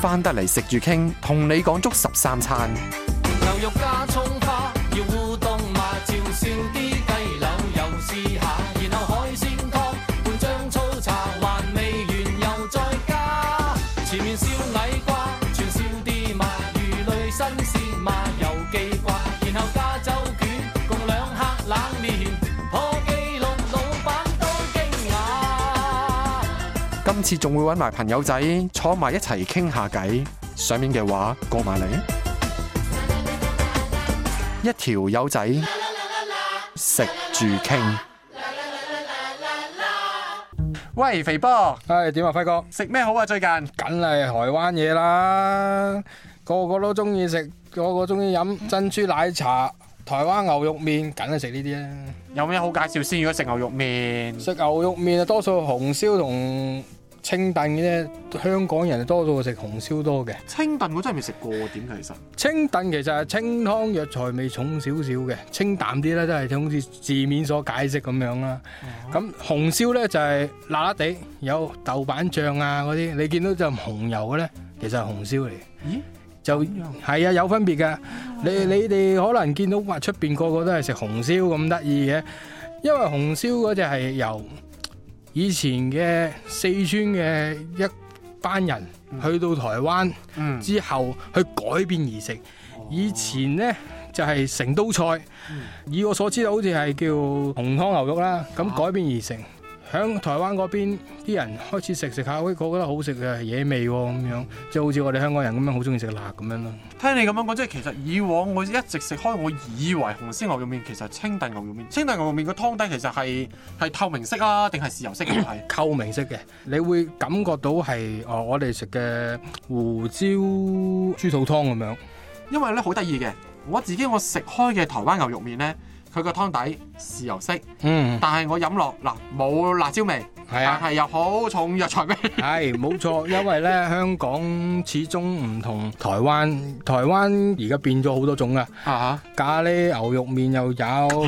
翻得嚟食住傾，同你講足十三餐。牛肉加今次仲會揾埋朋友仔坐埋一齊傾下偈，上面嘅話過埋嚟， 一條友仔食住傾。喂，肥波，唉、哎，點啊？輝哥食咩好啊？最近梗係台灣嘢啦，個個都中意食，個個中意飲珍珠奶茶，嗯、台灣牛肉麵，梗係食呢啲啊。有咩好介紹先？如果食牛肉麵，食牛肉麵啊，多數紅燒同。清燉嘅咧，香港人多數食紅燒多嘅。清燉我真係未食過，點其實？清燉其實係清湯藥材味重少少嘅，清淡啲咧，真係好似字面所解釋咁樣啦。咁紅燒咧就係辣辣地，有豆瓣醬啊嗰啲，你見到就紅油嘅咧，其實係紅燒嚟嘅。咦？就係啊，有分別嘅。你你哋可能見到話出面個個都係食紅燒咁得意嘅，因為紅燒嗰隻係油。以前嘅四川嘅一班人、嗯、去到台灣、嗯、之後去改變而成。哦、以前咧就係、是、成都菜，嗯、以我所知啊，好似係叫紅湯牛肉啦，咁改變而成。啊喺台灣嗰邊啲人開始食食下，會覺得好食嘅野味咁樣，即係好似我哋香港人咁樣好中意食辣咁樣咯。聽你咁樣講，即係其實以往我一直食開，我以為紅燒牛肉麵其實清燉牛肉麵，清燉牛肉麵個湯底其實係係透明色啊，定係豉油色？係 透明色嘅，你會感覺到係哦、呃，我哋食嘅胡椒豬肚湯咁樣。因為咧好得意嘅，我自己我食開嘅台灣牛肉麵咧。佢個湯底豉油色，嗯，但係我飲落嗱冇辣椒味，啊、但係又好重藥材味，係冇錯，因為咧香港始終唔同台灣，台灣而家變咗好多種啦，啊哈咖喱牛肉麵又有，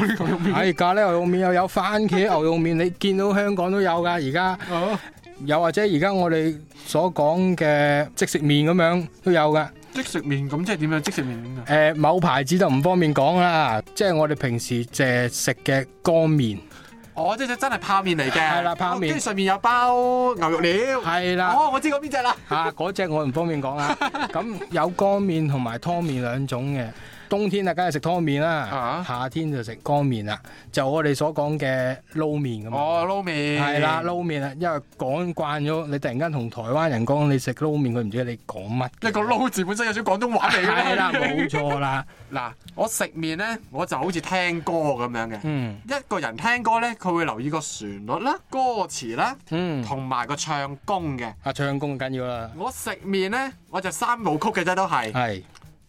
哎、咖喱牛肉麵又有番茄 牛肉麵，你見到香港都有噶，而家，好、哦，又或者而家我哋所講嘅即食麵咁樣都有噶。即食麵咁即係點樣？即食麵咁、呃、某牌子就唔方便講啦。即係我哋平時淨係食嘅乾麵。哦，即係真係泡麵嚟嘅。係啦， 泡麵。啲、哦、上面有包牛肉料。係啦 的。哦，我知嗰邊隻啦。嚇、 啊，嗰隻我唔方便講啦。咁有乾麵同埋湯麵兩種嘅。冬天啊，梗係食湯麵啦；夏天就食乾麵啦。就我哋所講嘅撈麵咁啊！撈麵係啦，撈麵啊！因為講慣咗，你突然間同台灣人講你食撈麵，佢唔知你講乜。你，你個撈字本身有少廣東話嚟啦，冇 錯啦。嗱， 我食麵咧，我就好似聽歌咁樣嘅。嗯，一個人聽歌咧，佢會留意個旋律啦、歌詞啦，嗯，同埋個唱功嘅。啊，唱功緊要啦！我食麵咧，我就三部曲嘅啫，都係的。係。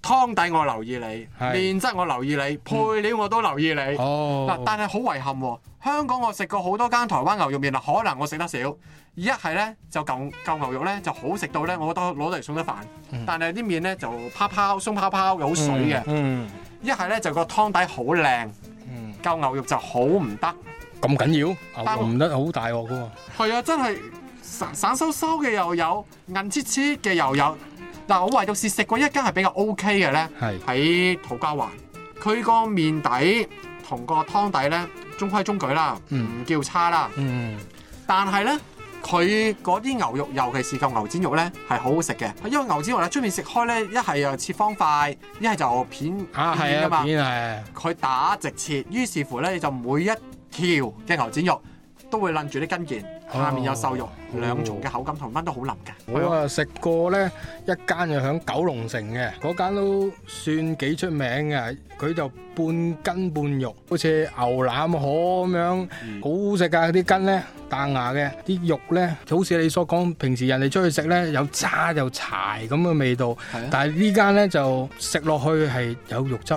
湯底我留意你，是麵質我留意你，配料我都留意你。嗱、嗯，但係好遺憾，哦，香港我食過好多間台灣牛肉麵啊，可能我食得少。一係咧就舊舊牛肉咧就好食到咧，我覺得攞嚟餸得飯。但係啲麵咧就泡泡鬆泡泡嘅好水嘅。嗯。一係咧就個湯底好靚，舊牛肉就好唔得。咁緊要？牛肉唔得好大鑊，哦、噶。係啊，真係散散疏疏嘅又有，硬切切嘅又有。嗯嗱，我唯獨試食過一間係比較 O K 嘅咧，喺土瓜灣。佢個麵底同個湯底咧，中規中矩啦，嗯，唔叫差啦。嗯，但係咧，佢嗰啲牛肉，尤其是嚿牛展肉咧，係好好食嘅。因為牛展肉咧，出面食開咧，一係又切方塊，一係就片片㗎嘛，佢、啊啊、打直切，於是乎咧就每一條嘅牛展肉。都會攬住啲筋腱，下面有瘦肉，兩重嘅口感，同翻都好腍㗎。我有食過咧一間就響九龍城嘅，嗰間都算幾出名嘅。佢就半筋半肉，好似牛腩河咁樣，好食㗎。啲筋咧彈牙嘅，啲肉咧就好似你所講，平時人哋出去食咧有渣又柴咁嘅味道。係啊，但係呢間咧就食落去係有肉汁。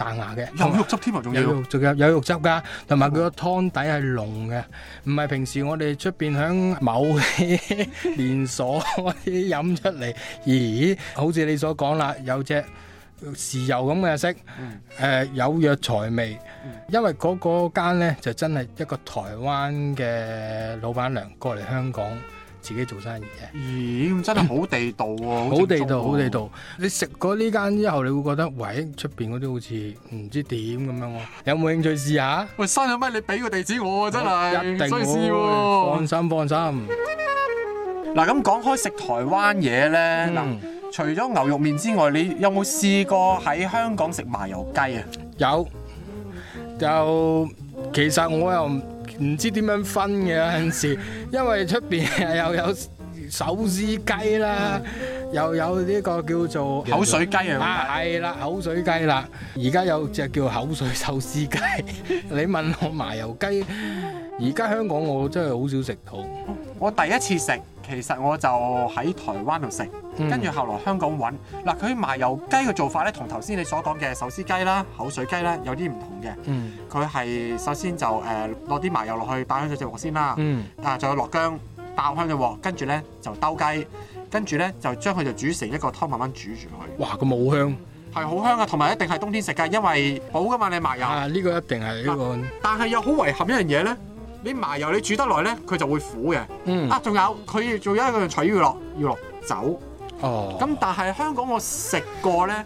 彈牙嘅，有肉汁添啊，仲有，仲有有肉汁噶，同埋佢個湯底係濃嘅，唔係平時我哋出邊響某啲連鎖嗰啲飲出嚟。咦，好似你所講啦，有隻豉油咁嘅色，誒，有藥材味，因為嗰嗰間咧就真係一個台灣嘅老闆娘過嚟香港，自己做生意嘅，咦，真係好地道喎！好地道，好地道。你食過呢間之後，你會覺得，喂，出邊嗰啲好似唔知點咁樣喎。有冇興趣試下？喂，生咗咩？你俾個地址我啊！真係，一定會，放心放心。嗱，咁講開食台灣嘢咧，嗱，除咗牛肉麵之外，你有冇試過喺香港食麻油雞啊？有，就其實我又唔～唔知點樣分嘅，有陣時，因為出邊又有手撕雞啦，又有呢個叫做口水雞啊，係啦，口水雞啦，而家有隻叫口水手撕雞。你問我麻油雞，而家香港我真係好少食到。我第一次食。其實我就喺台灣度食，跟住後來香港揾嗱佢麻油雞嘅做法咧，同頭先你所講嘅壽司雞啦、口水雞啦有啲唔同嘅，佢係、嗯、首先就誒落啲麻油落去，爆香響隻鑊先啦，嗯、啊仲有落薑爆香個鑊，跟住咧就兜雞，跟住咧就將佢就煮成一個湯，慢慢煮住佢。哇！個味好香，係好香啊！同埋一定係冬天食㗎，因為補㗎嘛，你麻油。啊！呢、這個一定係、這個啊、但係又好遺憾一樣嘢咧。你麻油你煮得耐咧，佢就會苦嘅。嗯、啊，仲有佢仲做一個嘅取落，要落酒。哦。咁但係香港我食過咧，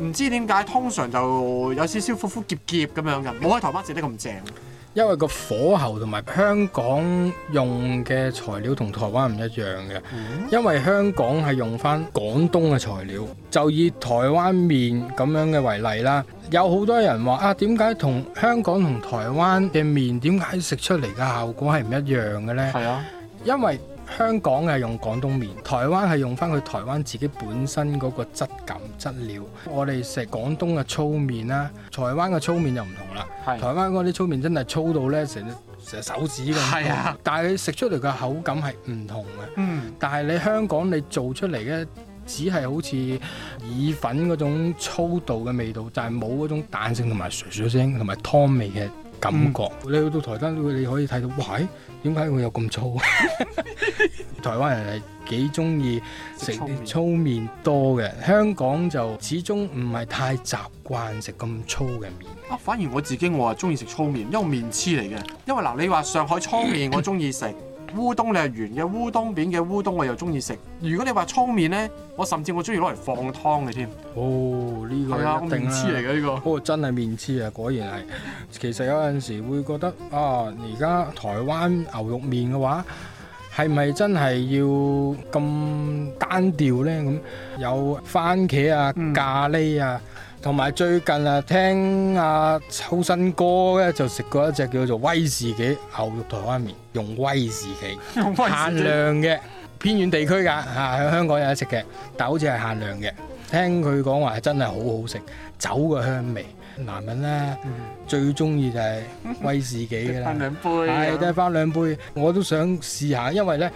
唔知點解通常就有少少苦苦澀澀咁樣嘅，冇喺台灣食得咁正。因為個火候同埋香港用嘅材料同台灣唔一樣嘅，嗯、因為香港係用翻廣東嘅材料，就以台灣麵咁樣嘅為例啦。有好多人話啊，點解同香港同台灣嘅麵點解食出嚟嘅效果係唔一樣嘅呢？係啊，因為香港係用廣東麵，台灣係用返佢台灣自己本身嗰個質感質料。我哋食廣東嘅粗麵啦，台灣嘅粗麵就唔同啦。啊，台灣嗰啲粗麵真係粗到呢，成隻手指咁粗。啊，但係佢食出嚟嘅口感係唔同嘅。嗯，但係你香港你做出嚟嘅。只係好似意粉嗰種粗度嘅味道，但係冇嗰種彈性同埋水水聲同埋湯味嘅感覺。嗯、你去到台灣，你可以睇到，喂，點解會有咁粗？ 台灣人係幾中意食粗麵多嘅，香港就始終唔係太習慣食咁粗嘅麵。啊，反而我自己我話中意食粗麵，因為麵黐嚟嘅。因為嗱，你話上海粗麵，我中意食。烏冬，你係圓嘅烏冬、扁嘅烏冬我又中意食。如果你話粗麵咧，我甚至我中意攞嚟放湯嘅添。哦、呢、這個係啊，麵黐嚟嘅呢個。哦，真係麵黐啊，果然係。 其實有陣時會覺得啊，而家台灣牛肉麵嘅話，係咪真係要咁單調咧？咁有番茄啊、嗯、咖喱啊。同埋最近啊，聽阿秋生哥咧就食過一隻叫做威士忌牛肉台灣麵，用威士忌，士忌限量嘅偏遠地區噶吓，喺香港有得食嘅，但好似係限量嘅。聽佢講話係真係好好食，酒嘅香味，男人咧、嗯、最中意就係威士忌噶啦，係得翻兩杯，我都想試下，因為咧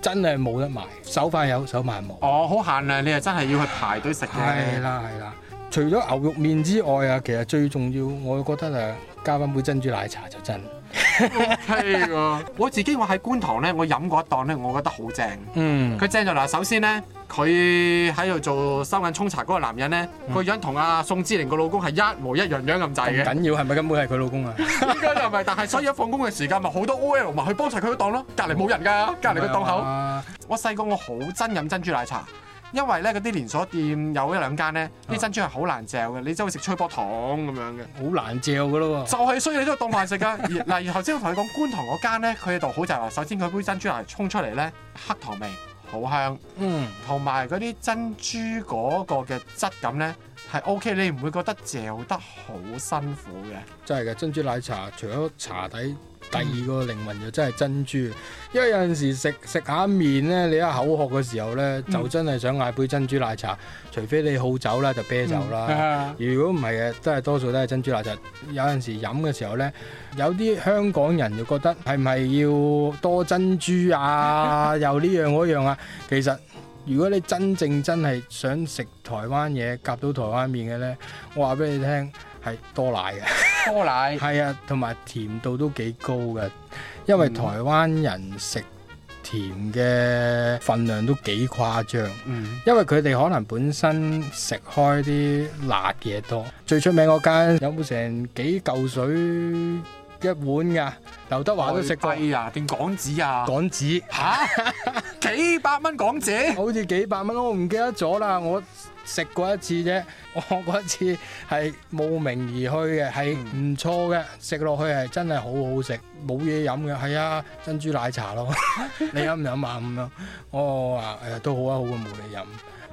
真係冇得買，手快有，手慢冇。哦，好限量，你又真係要去排隊食嘅。係啦， 係啦。除咗牛肉麵之外啊，其實最重要，我覺得啊，加翻杯珍珠奶茶就真。係、okay、我自己話喺觀塘咧，我飲過一檔咧，我覺得好正。嗯，佢正咗嗱，首先咧，佢喺度做收銀沖茶嗰個男人咧，個、嗯、樣同阿、啊、宋之玲個老公係一模一樣樣咁滯嘅。緊要係咪根本係佢老公啊？應該又唔係，但係所以一放工嘅時間咪好 多 O L 咪去幫曬佢嗰檔咯。隔離冇人㗎，隔離個檔口。我細個我好憎飲珍珠奶茶。因為咧，嗰啲連鎖店有一兩間咧，啲珍珠係好難嚼嘅，你走去食吹波糖咁樣嘅，好難嚼嘅咯，就係所以你都當飯食噶。嗱， 頭先我同你講觀塘嗰間咧，佢喺度好就係話，首先佢杯珍珠係沖出嚟咧，黑糖味好香，嗯，同埋嗰啲珍珠嗰個嘅質感咧係 O K，你唔會覺得嚼得好辛苦嘅。真係嘅珍珠奶茶，除咗茶底。第二個靈魂就真係珍珠，因為有陣時食食下面呢，你一口渴嘅時候呢，就真係想嗌杯珍珠奶茶。嗯、除非你好酒啦，就啤酒啦。嗯、如果唔係嘅，都係多數都係珍珠奶茶。有陣時飲嘅時候呢，有啲香港人就覺得係咪要多珍珠啊？ 又呢樣嗰樣啊。其實如果你真正真係想食台灣嘢，夾到台灣麵嘅呢，我話俾你聽係多奶嘅。 拖奶係啊，同埋甜度都幾高嘅，因為台灣人食甜嘅份量都幾誇張。嗯，因為佢哋可能本身食開啲辣嘢多。最出名嗰間有冇成幾嚿水一碗噶？劉德華都食過。台幣啊？定港紙啊？港紙吓？幾百蚊港紙？好似幾百蚊，我唔記得咗啦，我。食過一次啫，我嗰次係慕名而去嘅，係唔錯嘅，食落去係真係好好食，冇嘢飲嘅，係啊珍珠奶茶咯， 你飲唔飲啊咁樣？嗯、 我話誒、哎、都好啊好啊冇嘢飲，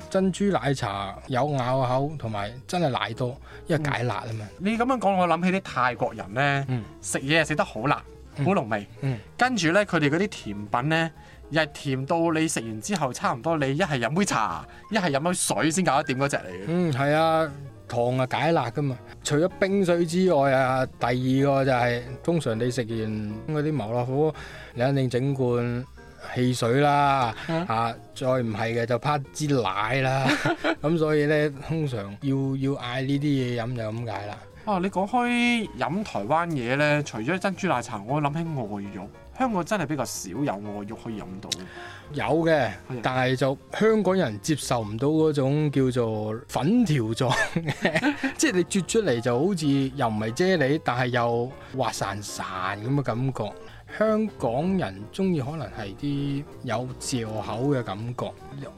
珍珠奶茶有咬口同埋真係奶多，因為解辣啊嘛。嗯、你咁樣講，我諗起啲泰國人咧，食嘢食得好辣。好濃味、嗯，跟住咧佢哋嗰啲甜品咧，又係甜到你食完之後差唔多，你一係飲杯茶，一係飲杯水先搞得掂嗰隻嚟。嗯，係啊，糖啊解辣㗎嘛。除咗冰水之外啊，第二個就係、是、通常你食完嗰啲麻辣火鍋，你肯定整罐汽水啦，嚇、嗯啊，再唔係嘅就啪支奶啦。咁 所以咧，通常要要嗌呢啲嘢飲就咁解啦。啊！你講開飲台灣嘢咧，除咗珍珠奶茶，我諗起愛玉。香港真係比較少有愛玉可以飲到。有嘅的，的但係就香港人接受唔到嗰種叫做粉條狀嘅，即係 你啜出嚟就好似又唔係啫喱，但係又滑潺潺咁嘅感覺。香港人中意可能係啲有嚼口嘅感覺，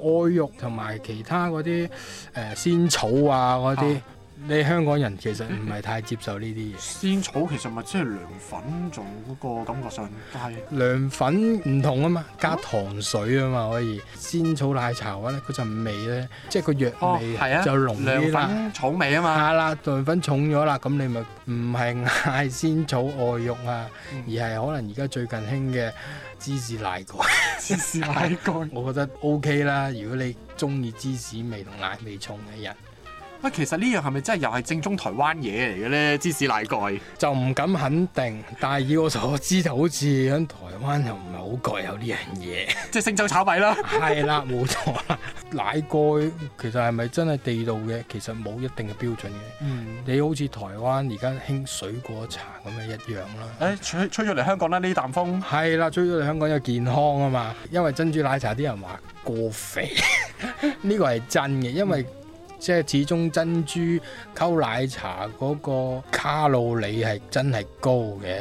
愛玉同埋其他嗰啲誒仙草啊嗰啲。啊。你香港人其實唔係太接受呢啲嘢。仙草其實咪即係涼粉做嗰個感覺上，但係涼粉唔同啊嘛，加糖水啊嘛可以。仙草奶茶咧，嗰陣味咧，即係個藥味就濃啲啦。草味啊嘛。係啦，涼粉重咗啦，咁你咪唔係嗌仙草愛玉啊，而係可能而家最近興嘅芝士奶蓋。芝士奶蓋。我覺得 OK 啦，如果你中意芝士味同奶味重嘅人。啊，其實呢樣係咪真係又係正宗台灣嘢嚟嘅咧？芝士奶蓋就唔敢肯定，但係以我所知就好似喺台灣又唔係好覺有呢樣嘢， 即係星洲炒米啦。係 啦，冇錯啦。奶蓋其實係咪真係地道嘅？其實冇一定嘅標準嘅。嗯，你好似台灣而家興水果茶咁樣一樣啦。誒、哎，吹吹咗嚟香港啦呢啖風。係啦，吹咗嚟香港有健康啊嘛，因為珍珠奶茶啲人話過肥，呢 個係真嘅，因為。 即係始終珍珠溝奶茶嗰個卡路里係真係高嘅，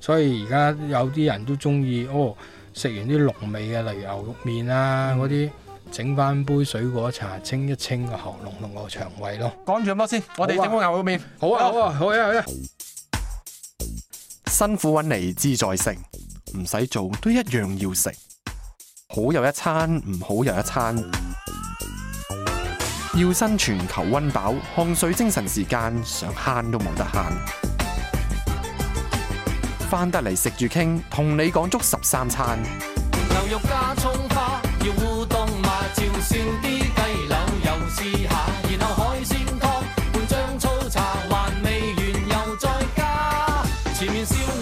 所以而家有啲人都中意哦，食完啲濃味嘅，例如牛肉麵啊嗰啲，整翻杯水果茶清一清個喉嚨同個腸胃咯。講住咁多先，我哋整個牛肉麵。好啊，好啊，好啊，好啊。辛苦揾嚟，自在食，唔使做都一樣要食，好又一餐，唔好又一餐。要生存求溫飽，汗水精神時間，想慳都冇得慳。翻得嚟食住傾，同你講足十三餐。牛肉加葱花，要烏冬嘛？照燒啲雞柳，又試下，然後海鮮湯，配醬粗茶，還未完又再加，前面燒。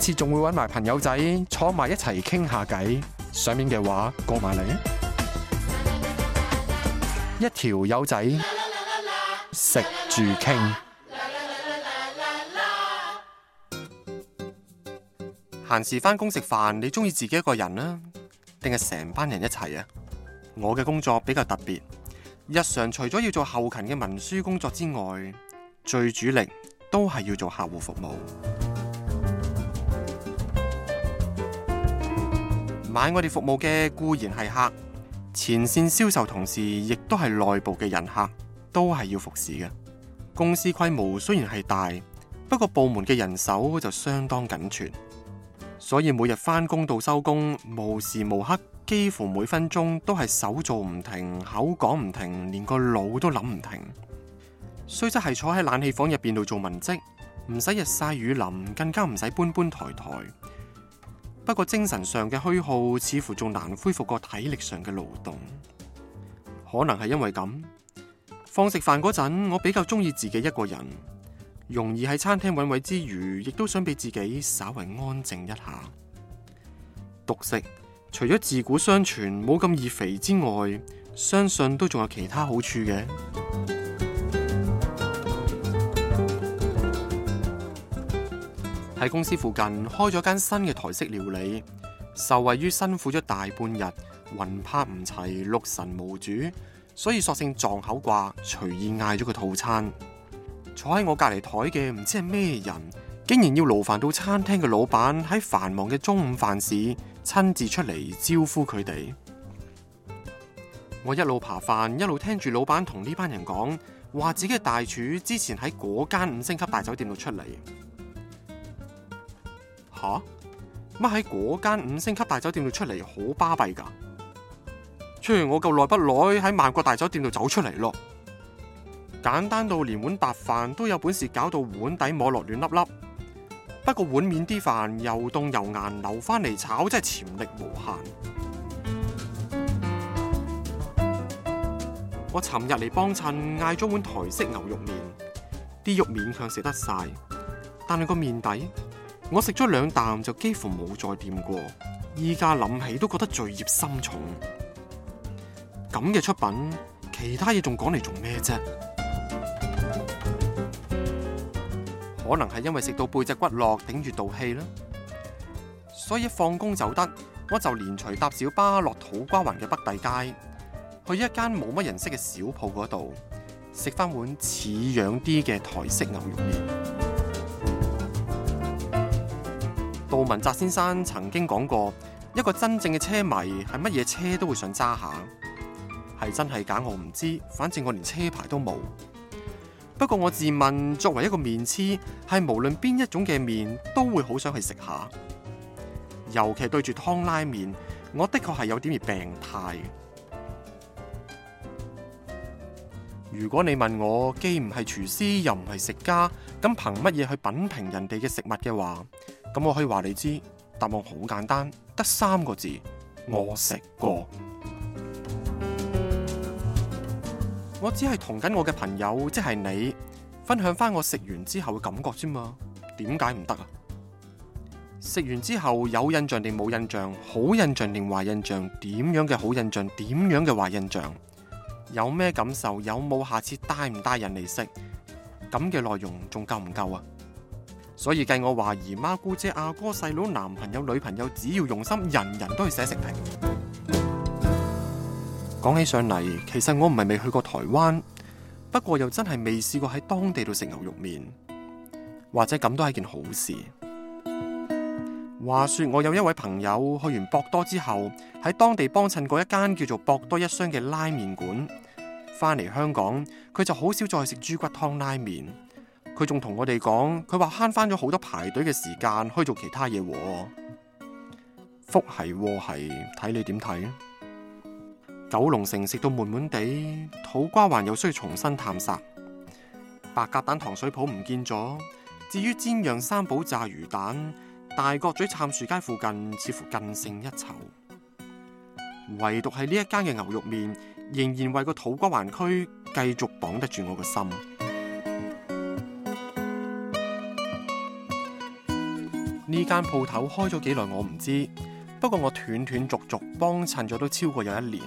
次仲會揾埋朋友仔坐埋一齊傾下偈，上面嘅話過埋嚟。一條友仔食住傾，閒時返工食飯，你中意自己一個人啊，定係成班人一齊啊？我嘅工作比較特別，日常除咗要做後勤嘅文書工作之外，最主力都係要做客戶服務。買我哋服務嘅固然係客，前線銷售同事亦都係內部嘅人客，都係要服侍嘅。公司規模雖然係大，不過部門嘅人手就相當緊絀，所以每日翻工到收工，無時無刻，幾乎每分鐘都係手做唔停，口講唔停，連個腦都諗唔停。雖則係坐喺冷氣房入邊度做文職，唔使日曬雨淋，更加唔使搬搬抬抬。不過精神上嘅虛耗似乎仲難恢復過體力上嘅勞動，可能係因為咁。放食飯嗰陣，我比較中意自己一個人，容易喺餐廳揾位之餘，亦都想俾自己稍為安靜一下。獨食，除咗自古相傳冇咁易肥之外，相信都仲有其他好處嘅。喺公司附近開咗間新嘅台式料理，受惠於辛苦咗大半日，魂魄唔齊，六神無主，所以索性撞口掛，隨意嗌咗個套餐。坐喺我隔籬枱嘅，唔知係咩人，竟然要勞煩到餐廳嘅老闆喺繁忙嘅中午飯時親自出嚟招呼佢哋。我一路扒飯，一路聽住老闆同呢班人講，話自己大廚之前喺嗰間五星級大酒店度出嚟。吓乜喺嗰間五星級大酒店度出嚟，好巴閉噶？雖然我夠耐不耐喺萬國大酒店度走出嚟咯？簡單到連碗白飯都有本事搞到碗底摸落暖粒粒。不過碗面，啲飯又凍又硬留留翻嚟炒真係潛力無限。我尋日嚟幫襯嗌咗碗台式牛肉，麵肉麵，啲肉勉強食得晒，但係個麵底。我食咗兩啖就幾乎冇再掂過，依家諗起都覺得罪孽深重。咁嘅出品，其他嘢仲講嚟做咩啫？可能係因為食到背脊骨落頂住度氣啦，所以放工走得我就連隨搭小巴落土瓜灣嘅北帝街，去一間冇乜人識嘅小鋪嗰度食翻碗似樣啲嘅台式牛肉麵。杜汶澤先生曾經講過：一個真正嘅車迷係乜嘢車都會想揸下，係真係假的我唔知，反正我連車牌都冇。不過我自問，作為一個麵痴，係無論邊一種嘅麵都會好想去食下，尤其對住湯拉麵，我的確係有點兒病態。如果你問我既唔係廚師又唔係食家，咁憑乜嘢去品評人哋嘅食物嘅話，咁我可以話你知，答案好簡單，得三個字：我食過。我只係同緊我嘅朋友，即係你，分享翻我食完之後嘅感覺啫嘛。點解唔得啊？食完之後有印象定冇印象？好印象定壞印象？點樣嘅好印象？點樣嘅壞印象？有咩感受？有冇下次帶唔帶人嚟食？咁嘅內容仲夠唔夠啊？所以計我懷疑，姨媽姑姐、阿哥、細佬、男朋友、女朋友，只要用心，人人都去寫食評。講起上嚟，其實我唔係未去過台灣，不過又真係未試過喺當地度食牛肉麵，或者咁都係一件好事。話說我有一位朋友去完博多之後，喺當地幫襯過一間叫做博多一箱嘅拉麵館，翻嚟香港佢就好少再食豬骨湯拉麵。佢仲同我哋講，佢話慳翻咗好多排隊嘅時間去做其他嘢。福係禍係，睇你點睇。九龍城食到悶悶地，土瓜灣又需要重新探索。白鴿蛋糖水鋪唔見咗，至於煎釀三寶炸魚蛋。大角咀杉樹街附近似乎更勝一籌，唯獨係呢一間嘅牛肉麵仍然為個土瓜灣區繼續綁得住我個心。呢間鋪頭開咗幾耐，我唔知，不過我斷斷續續幫襯咗都超過有一年。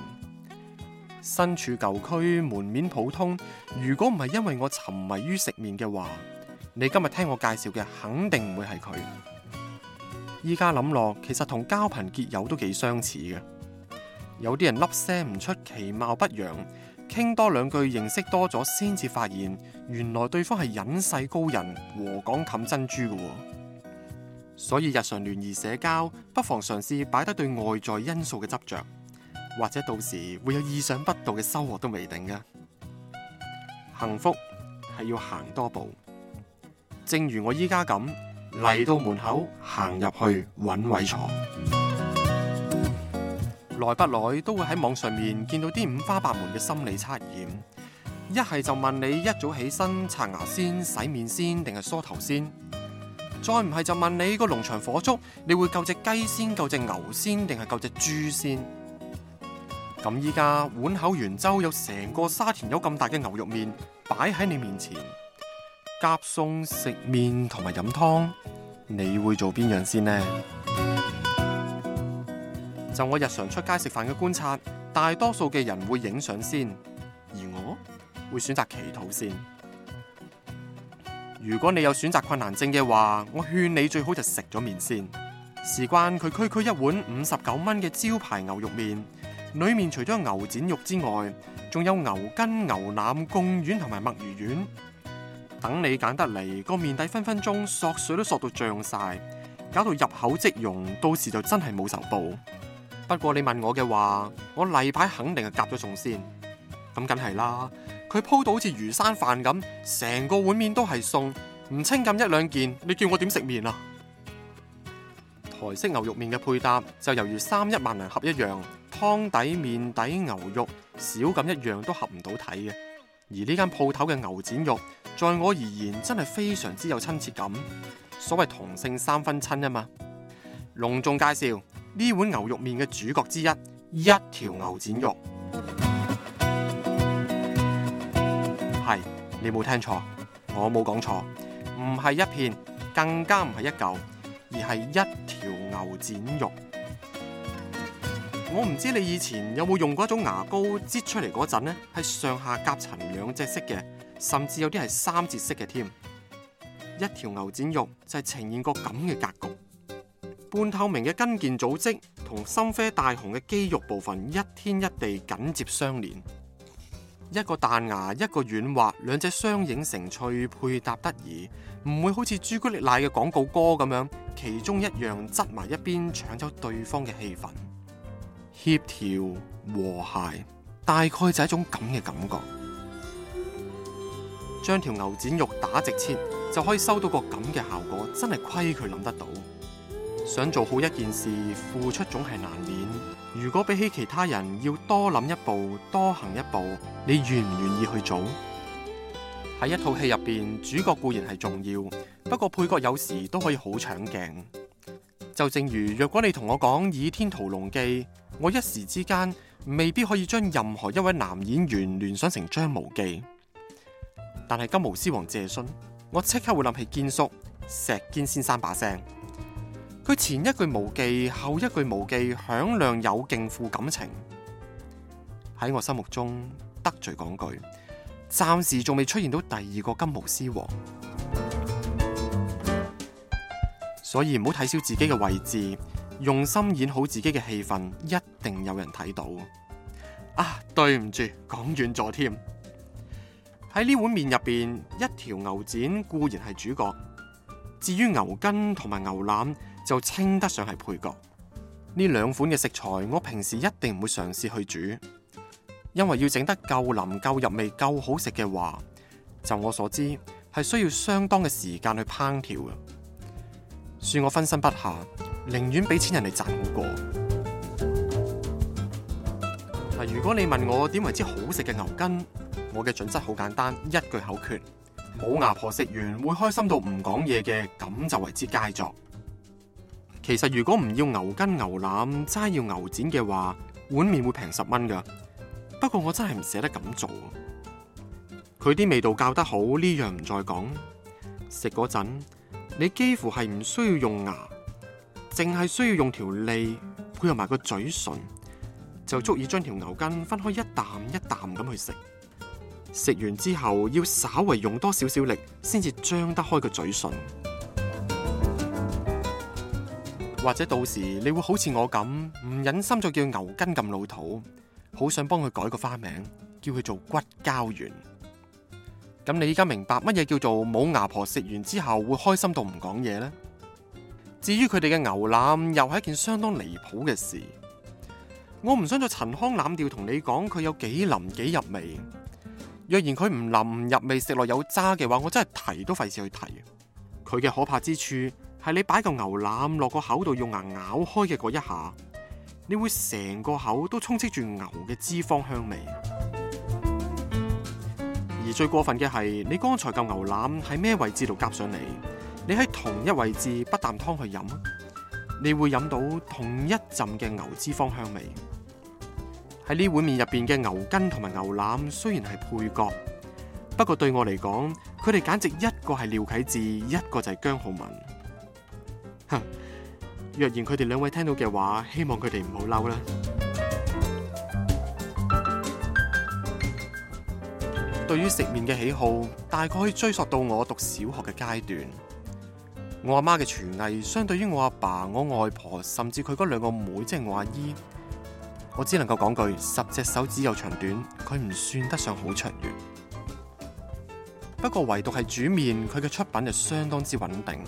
身處舊區，門面普通，如果唔係因為我沉迷於食麵嘅話，你今日聽我介紹嘅肯定唔會係佢。依家諗落，其實同交朋結友都幾相似嘅。有啲人粒聲唔出，其貌不揚，傾多兩句認識多咗，先至發現原來對方係隱世高人，蠔殼冚珍珠㗎。所以日常聯誼社交，不妨嘗試擺低對外在因素嘅執着，或者到時會有意想不到嘅收穫都未定㗎。幸福係要行多步，正如我依家咁。嚟到門口，行入去揾位坐。來不來都會喺網上面見到啲五花八門嘅心理測驗，一係就問你一早起身刷牙先、洗面先定係梳頭先，再唔係就問你、這個農場火燭，你會救隻雞先、救隻牛先定係救隻豬先？咁依家碗口圓周有成個沙田柚咁大嘅牛肉麵擺喺你面前。夾餸食麵同埋飲湯，你會做邊樣先呢？就我日常出街食飯嘅觀察，大多數嘅人會影相先，而我會選擇祈禱先。如果你有選擇困難症嘅話，我勸你最好就食咗麵先。事關佢區區一碗五十九蚊嘅招牌牛肉麵，裏面除咗牛展肉之外，仲有牛筋、牛腩、貢丸同埋墨魚丸。等你揀得嚟個麵底，分分鐘嗦水都嗦到漲晒，搞到入口即溶，到時就真係冇仇報。不過你問我嘅話，我例牌肯定係夾咗餸先，咁梗係啦。佢鋪到好似魚生飯咁，成個碗面都係餸，唔清咁一兩件，你叫我點食麵啊？台式牛肉麵嘅配搭就猶如三一萬能俠一樣，湯底、麵底、牛肉少咁一樣都合唔到體嘅。而呢間鋪頭嘅牛展肉，在我而言真係非常之有親切感。所謂同性三分親啊嘛。隆重介紹呢碗牛肉麵嘅主角之一，一條牛展肉。係，你冇聽錯，我冇講錯，唔係一片，更加唔係一嚿，而係一條牛展肉。我唔知你以前有冇用過一種牙膏擠，擠出嚟嗰陣呢係上下夾層兩隻色嘅，甚至有啲係三節色嘅添。一條牛展肉就係呈現過咁嘅格局，半透明嘅筋腱組織同深啡大紅嘅肌肉部分，一天一地緊接相連。一個彈牙，一個軟滑，兩隻相映成趣，配搭得宜，唔會好似朱古力奶嘅廣告歌咁樣，其中一樣擠埋一邊搶走對方嘅氣氛。協調、和諧，大概就係一種咁嘅感覺。將條牛展肉打直切，就可以收到個咁嘅效果，真係虧佢諗得到。想做好一件事，付出總係難免。如果比起其他人，要多諗一步，多行一步，你願唔願意去做？喺一套戲入邊，主角固然係重要，不過配角有時都可以好搶鏡。就正如若果你同我講《倚天屠龍記》，我一時之間未必可以將任何一位男演員聯想成張無忌。但係金毛獅王謝遜，我即刻會諗起堅叔石堅先生把聲。佢前一句無忌，後一句無忌，響亮有勁，富感情。喺我心目中得罪講句，暫時仲未出現到第二個金毛獅王。所以唔好睇小自己嘅位置，用心演好自己嘅戲份，一定有人睇到。啊，對唔住，講遠咗添。喺呢碗麵入邊，一條牛展固然係主角，至於牛筋同埋牛腩就稱得上係配角。呢兩款嘅食材，我平時一定唔會嘗試去煮，因為要整得夠腍、夠入味、夠好食嘅話，就我所知係需要相當嘅時間去烹調嘅。算我分身不下，寧願俾錢人哋賺好過。嗱，如果你問我點為之好食嘅牛筋，我嘅準則好簡單，一句口訣：冇牙婆食完會開心到唔講嘢嘅，咁就為之佳作。其實如果唔要牛筋牛腩，齋要牛展嘅話，碗麵會平十蚊㗎。不過我真係唔捨得咁做，佢啲味道教得好呢樣唔再講，食嗰陣。你幾乎係唔需要用牙，淨係需要用條脷，配合埋個嘴唇，就足以將條牛筋分開一啖一啖咁去食。食完之後要稍為用多少少力，先至張得開個嘴唇。或者到時你會好似我咁，唔忍心再叫牛筋咁老土，好想幫佢改個花名，叫佢做骨膠原。咁你依家明白乜嘢叫做冇牙婆食完之後會開心到唔講嘢呢？至於佢哋嘅牛腩又係一件相當離譜嘅事，我唔想再陳腔濫調同你講佢有幾淋幾入味。若然佢唔淋唔入味，食落有渣嘅話，我真係提都費事去提。佢嘅可怕之處係你擺個牛腩落個口度用牙咬開嘅嗰一下，你會成個口都充斥住牛嘅脂肪香味。最過分嘅係，你剛才嚿牛腩喺咩位置度夾上嚟？你喺同一位置不啖湯去飲，你會飲到同一浸嘅牛脂肪香味。喺呢碗麵入邊嘅牛筋同埋牛腩雖然係配角，不過對我嚟講，佢哋簡直一個係廖啟智，一個就係姜浩文。哼！若然佢哋兩位聽到嘅話，希望佢哋唔好嬲啦。對於食麵嘅喜好，大概可以追溯到我讀小學嘅階段。我阿媽嘅廚藝，相對於我阿爸、我外婆，甚至佢嗰兩個妹，即係我阿姨，我只能夠講句：十隻手指有長短，佢唔算得上好長遠。不過唯獨係煮麵，佢嘅出品就相當之穩定。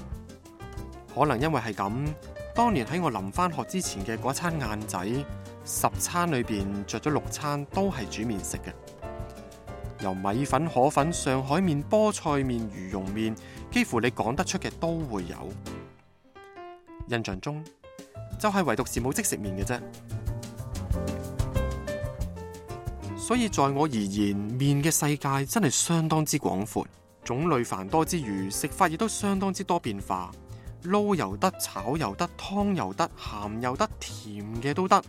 可能因為係咁，當年喺我臨返學之前嘅嗰餐晏仔，十餐裏邊着咗六餐都係煮麵食嘅。由米粉、河粉、上海麵、菠菜麵、魚蓉麵，幾乎你講得出嘅都會有。印象中就係、是、唯獨是冇即食麵嘅啫。所以在我而言，麵嘅世界真係相當之廣闊，種類繁多之餘，食法亦都相當之多變化，撈又得、炒又得、湯又得、鹹又得、甜嘅都得。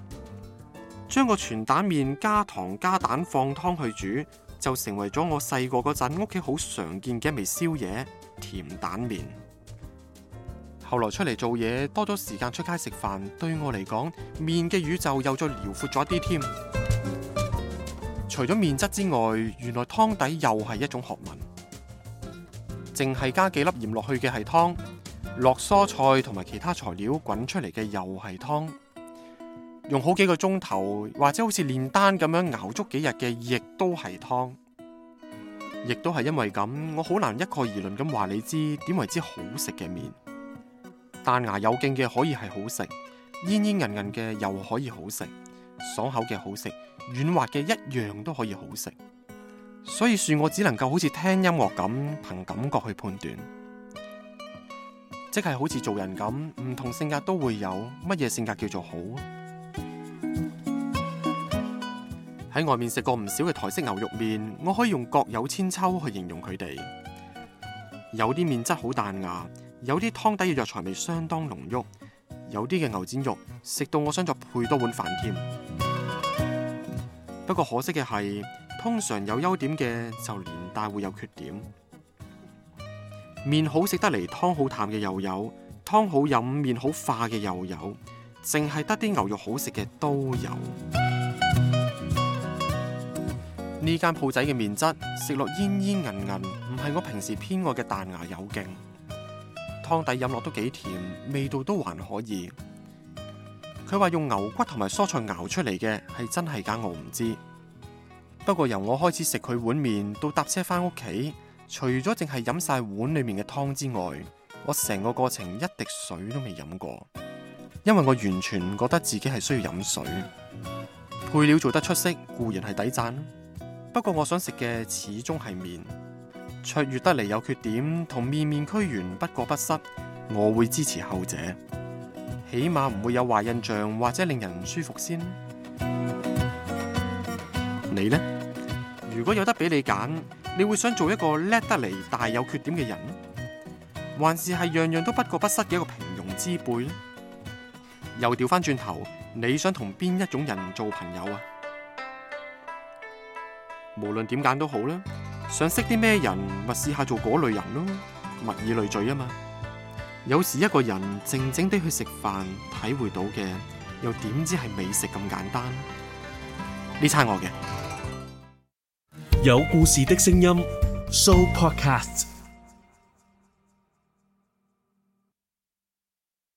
將個全蛋麵加糖加蛋放湯去煮。就成為咗我細個嗰陣屋企好常見嘅一味宵夜，甜蛋麵。後來出嚟做嘢，多咗時間出街食飯，對我嚟講，麵嘅宇宙又再遼闊咗啲添。除咗麵質之外，原來湯底又係一種學問。淨係加幾粒鹽落去嘅係湯，落蔬菜同埋其他材料滾出嚟嘅又係湯。用好幾個鐘頭，或者好似煉丹咁樣熬足幾日嘅，亦都係湯，亦都係因為咁，我好難一概而論咁話你知點為之好食嘅麵。彈牙有勁嘅可以係好食，煙煙韌韌嘅又可以好食，爽口嘅好食，軟滑嘅一樣都可以好食。所以恕我只能夠好似聽音樂咁，憑感覺去判斷，即係好似做人咁，唔同性格都會有，乜嘢性格叫做好？喺外面食過唔少嘅台式牛肉麵，我可以用各有千秋去形容佢哋。有啲麵質好彈牙，有啲湯底嘅藥材味相當濃郁，有啲嘅牛展肉食到我想再配多碗飯添。不過可惜嘅係，通常有優點嘅就連帶會有缺點。麵好食得嚟，湯好淡嘅又有；湯好飲，麵好化嘅又有；淨係得啲牛肉好食嘅都有。呢間鋪仔嘅麵質食落煙煙韌韌，唔係我平時偏愛嘅彈牙有勁。湯底飲落都幾甜，味道都還可以。佢話用牛骨同埋蔬菜熬出嚟嘅係真係假，我唔知。不過由我開始食佢碗麵到搭車返屋企，除咗淨係飲晒碗裏面嘅湯之外，我成個過程一滴水都未飲過，因為我完全唔覺得自己係需要飲水。配料做得出色，固然係抵讚。不過我想食嘅始終係麵，卓越得嚟有缺點，同面面俱圓不過不失，我會支持後者，起碼唔會有壞印象或者令人唔舒服先。你呢？如果有得俾你揀，你會想做一個叻得嚟大有缺點嘅人，還是係樣樣都不過不失嘅一個平庸之輩呢？又調翻轉頭，你想同邊一種人做朋友啊？無論點揀都好啦，想識啲咩人，咪試下做嗰類人咯，物以類聚啊嘛。有時一個人靜靜地去食飯，體會到嘅，又點知係美食咁簡單呢？呢餐我嘅。有故事的聲音，Show Podcast。